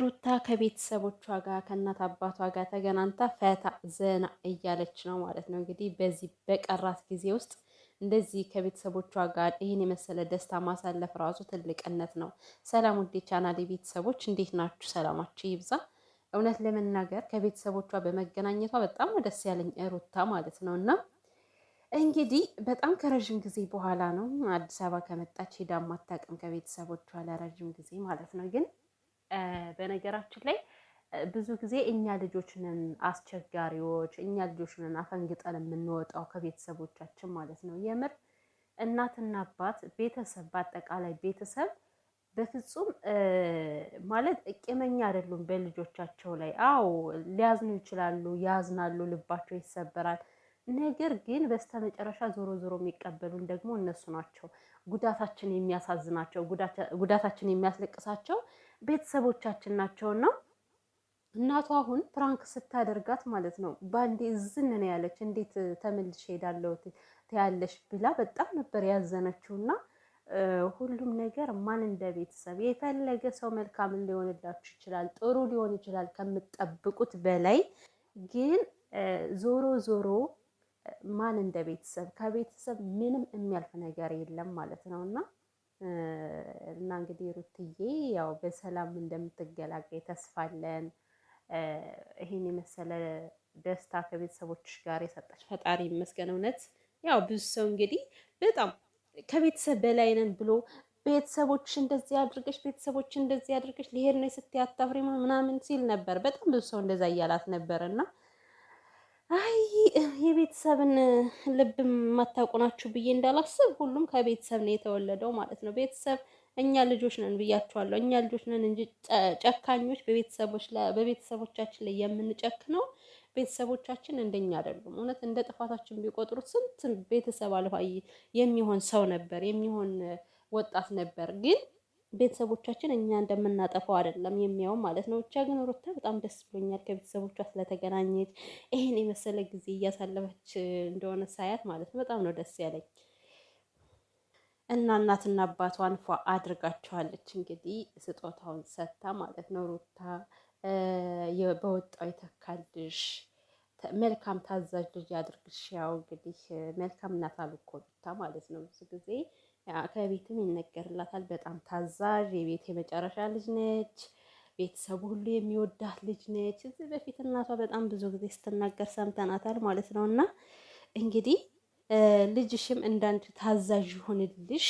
ሩታ ከቤተሰቦቿ ጋር ከእናት አባቷ ጋር ተገናኝታ ፈታ ዘና እያለች ነው ማለት ነው። እንግዲህ በዚህ በቀራት ጊዜ ውስጥ እንደዚህ ከቤተሰቦቿ ጋር ይህን የመሰለ ደስታ ማሳለፍ ራሱ ትልቅነት ነው። ሰላም ውዴ ቻናሌ ቤተሰቦች እንዴት ናችሁ? ሰላማችሁ ይብዛ። እውነት ለመናገር ከቤተሰቦቿ በመገናኘቷ በጣም ደስ ያለኝ ሩታ ማለት ነው እና እንግዲህ በጣም ከረዥም ጊዜ በኋላ ነው አዲስ አበባ ከመጣች ሄዳ ማታውቅም ከቤተሰቦቿ ለረዥም ጊዜ ማለት ነው ግን በነገራችን ላይ ብዙ ጊዜ እኛ ልጆችንን አስቸጋሪዎች፣ እኛ ልጆችንን አፈንግጠን የምንወጣው ከቤተሰቦቻችን ማለት ነው። የምር እናትና አባት፣ ቤተሰብ፣ በአጠቃላይ ቤተሰብ በፍጹም ማለት ቂመኛ አይደሉም በልጆቻቸው ላይ። አዎ ሊያዝኑ ይችላሉ፣ ያዝናሉ፣ ልባቸው ይሰበራል። ነገር ግን በስተመጨረሻ ዞሮ ዞሮ የሚቀበሉን ደግሞ እነሱ ናቸው። ጉዳታችን የሚያሳዝናቸው፣ ጉዳታችን የሚያስለቅሳቸው ቤተሰቦቻችን ናቸውና እናቷ አሁን ፕራንክ ስታደርጋት ማለት ነው በአንዴ ዝንን ያለች እንዴት ተመልሽ ሄዳለሁ ትያለሽ ብላ በጣም ነበር ያዘነችው እና ሁሉም ነገር ማን እንደ ቤተሰብ የፈለገ ሰው መልካም ሊሆንላችሁ ይችላል፣ ጥሩ ሊሆን ይችላል ከምጠብቁት በላይ ግን ዞሮ ዞሮ ማን እንደ ቤተሰብ ከቤተሰብ ምንም የሚያልፍ ነገር የለም ማለት ነው እና እና እንግዲህ ሩትዬ ያው በሰላም እንደምትገላገይ ተስፋ አለን። ይህን የመሰለ ደስታ ከቤተሰቦች ጋር የሰጠች ፈጣሪ ይመስገን። እውነት ያው ብዙ ሰው እንግዲህ በጣም ከቤተሰብ በላይ ነን ብሎ ቤተሰቦች እንደዚህ አድርገሽ ቤተሰቦች እንደዚህ አድርገሽ ሊሄድ ነው ስትይ ምናምን ሲል ነበር። በጣም ብዙ ሰው እንደዛ እያላት ነበር እና አይ የቤተሰብን ልብ የማታውቁ ናችሁ ብዬ እንዳላስብ ሁሉም ከቤተሰብ ነው የተወለደው ማለት ነው። ቤተሰብ እኛ ልጆች ነን ብያችኋለሁ። እኛ ልጆች ነን እንጂ ጨካኞች በቤተሰቦቻችን ላይ የምንጨክ ነው። ቤተሰቦቻችን እንደኛ አይደሉም። እውነት እንደ ጥፋታችን ቢቆጥሩት ስንት ቤተሰብ አልፋይ የሚሆን ሰው ነበር የሚሆን ወጣት ነበር ግን ቤተሰቦቻችን እኛ እንደምናጠፋው አይደለም የሚያው ማለት ነው። ብቻ ግን ሩታ በጣም ደስ ብሎኛል ከቤተሰቦቿ ስለተገናኘች ይህን የመሰለ ጊዜ እያሳለፈች እንደሆነ ሳያት ማለት ነው በጣም ነው ደስ ያለኝ። እና እናትና አባቷን ፏ አድርጋቸዋለች እንግዲህ ስጦታውን ሰጥታ ማለት ነው። ሩታ በወጣው የተካልሽ መልካም ታዛዥ ልጅ አድርግሽ። ያው እንግዲህ መልካም እናት አሉ እኮ ሩታ ማለት ነው ብዙ ጊዜ ከቤትም ይነገርላታል። በጣም ታዛዥ የቤት የመጨረሻ ልጅ ነች። ቤተሰቡ ሁሉ የሚወዳት ልጅ ነች። እዚህ በፊት እናቷ በጣም ብዙ ጊዜ ስትናገር ሰምተናታል ማለት ነው እና እንግዲህ ልጅሽም እንዳንቺ ታዛዥ ይሆንልሽ